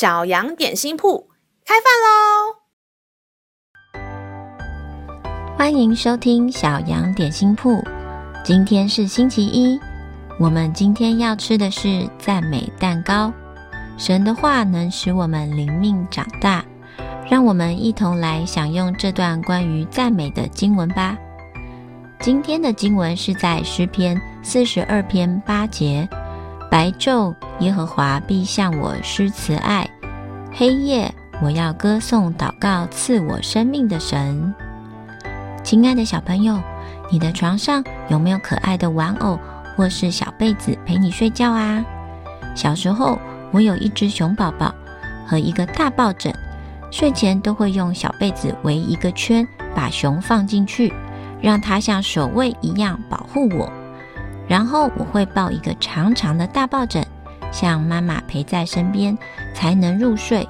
小羊點心鋪開飯嘍！歡迎收聽小羊點心鋪。今天是星期一，我們今天要吃的是讚美蛋糕。神的話能使我們靈命長大，讓我們一同來享用這段關於讚美的經文吧。今天的經文是在詩篇四十二篇八節：“白晝耶和華必向我施慈愛。”黑夜，我要歌頌、禱告賜我生命的神。親愛的小朋友，你的床上有沒有可愛的玩偶或是小被子陪你睡覺啊？小時候，我有一隻熊寶寶和一個大抱枕，睡前都會用小被子圍一個圈，把熊放進去，讓它像守衛一樣保護我。然後我會抱一個長長的大抱枕。像媽媽陪在身邊才能入睡，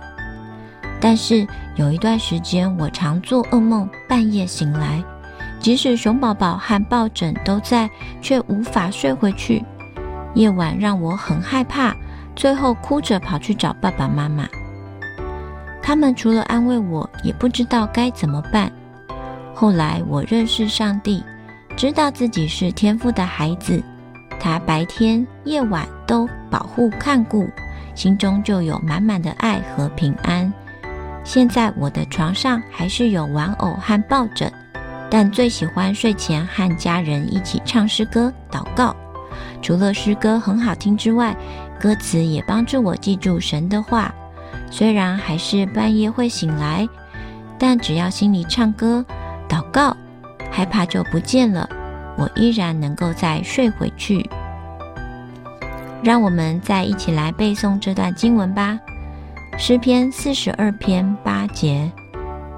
但是有一段時間我常做噩夢，半夜醒來，即使熊寶寶和抱枕都在，卻無法睡回去。夜晚讓我很害怕，最後哭着跑去找爸爸媽媽。他們除了安慰我，也不知道該怎麼辦。後來我認識上帝，知道自己是天父的孩子。他白天、夜晚都保護看顧，心中就有滿滿的愛和平安。現在我的床上還是有玩偶和抱枕，但最喜歡睡前和家人一起唱詩歌、禱告。除了詩歌很好聽之外，歌詞也幫助我記住神的話。雖然還是半夜會醒來，但只要心裡唱歌、禱告，害怕就不見了。我依然能夠再睡回去。讓我們再一起來背誦這段經文吧，《詩篇》四十二篇八節：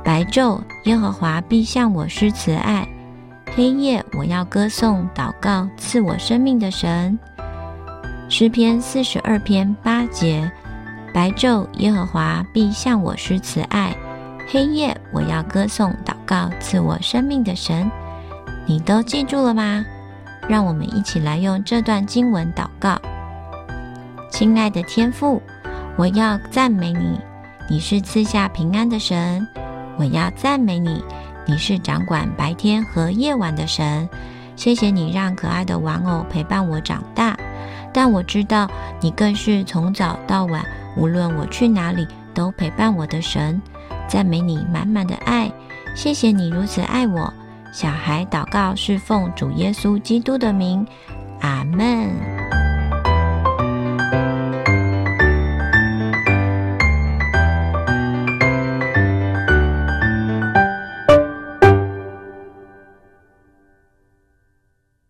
白晝耶和華必向我施慈愛，黑夜我要歌頌、禱告賜我生命的神。《詩篇》四十二篇八節：白晝耶和華必向我施慈愛，黑夜我要歌頌、禱告賜我生命的神。你都記住了嗎？讓我們一起來用這段經文禱告。親愛的天父，我要讚美你，你是賜下平安的神。我要讚美你，你是掌管白天和夜晚的神。謝謝你讓可愛的玩偶陪伴我長大，但我知道你更是從早到晚，無論我去哪裡都陪伴我的神。讚美你滿滿的愛，謝謝你如此愛我。小孩禱告，是奉主耶穌基督的名，阿門。